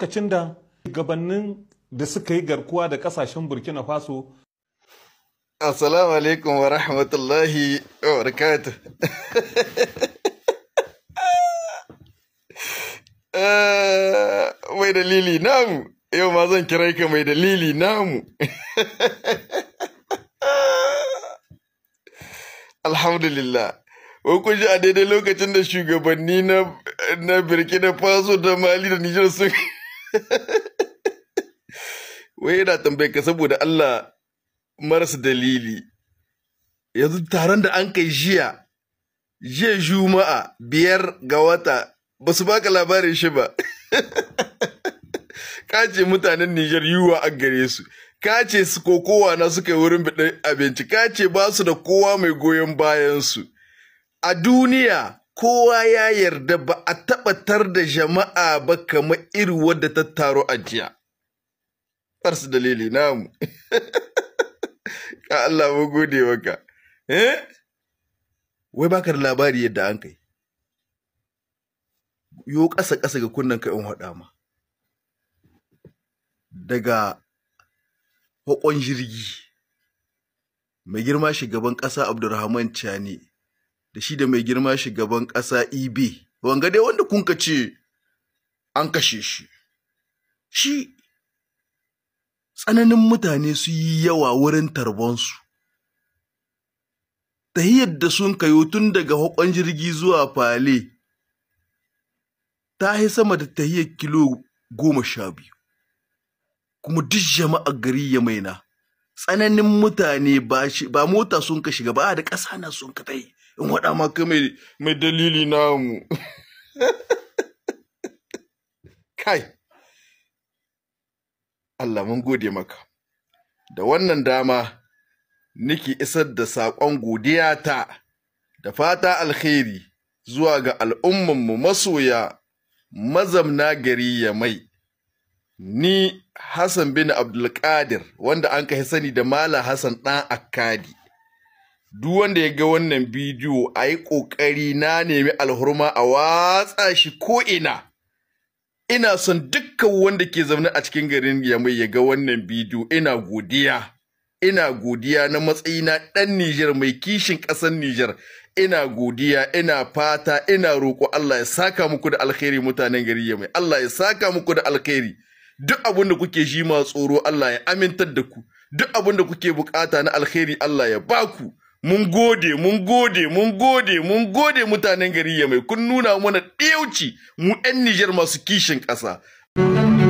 lokacin da gabanin da suka yi garkuwa da kasashen burkina faso assalamu alaikum wa rahmatullahi wa barakatuh eh, mai dalili namu yau ma zan kira ka mai dalili namu alhamdulillah wa kun ji a daidai lokacin da shugabanni na birkina faso da mali da nijar sun wai yana tambayar ka saboda Allah maras dalili yanzu taron da an kai jiya jiya juma'a biyar ga wata ba su baka labarin shi ba ka ce mutanen Nijar yiwuwa a gare su ka ce su kokowa na suka yi wurin abinci ka ce ba su da kowa mai goyon bayansu a duniya kowa ya yarda ba a tabbatar da jama'a ba kama iri wadda ta taro a jiya farsu dalili namu ka Allah mu gode maka eh? wai baka da labari yadda an kai yo ƙasa ƙasa ga kunnen ka in haɗa ma daga haƙon jirgi mai girma shugaban ƙasa abdulrahman chani da shi da mai girma shugaban ƙasa EB wanga dai wanda kun ka ce an kashe shi shi tsananin mutane su yi yawa wurin tarbonsu ta yadda sun kayo tun daga hakon jirgi zuwa fale ta yi sama da tahiyar kilo goma sha biyu kuma duk jama'ar gari ya maina tsananin mutane ba mota sun ka shiga ba da ƙasa na sun ka yi in waɗa maka mai dalili namu kai Allah mun gode maka da wannan dama niki isar da saƙon godiya ta da fata alkhairi zuwa ga al'ummanmu masoya mazamna gari ya mai ni Hassan bin Abdulkadir wanda an kai sani da Mala Hassan ɗan Akkadi duk wanda ya ga wannan bidiyo a yi ƙoƙari na nemi alhurma a watsa shi ko'ina ina son dukkan wanda ke zaune a cikin garin yamai ya ga wannan bidiyo ina godiya ina godiya na matsayi na ɗan Nijar mai kishin ƙasar Nijar ina godiya ina fata ina roƙo Allah ya saka muku da alkhairi mutanen gari yamai Allah ya saka muku da alkhairi duk abin da kuke ji ma tsoro Allah ya amintar da ku duk abin da kuke bukata na alkhairi Allah ya baku mun gode mun gode mun gode mun gode mutanen gari ya mai kun nuna mana ɗauci mu 'yan Nijar masu kishin ƙasa.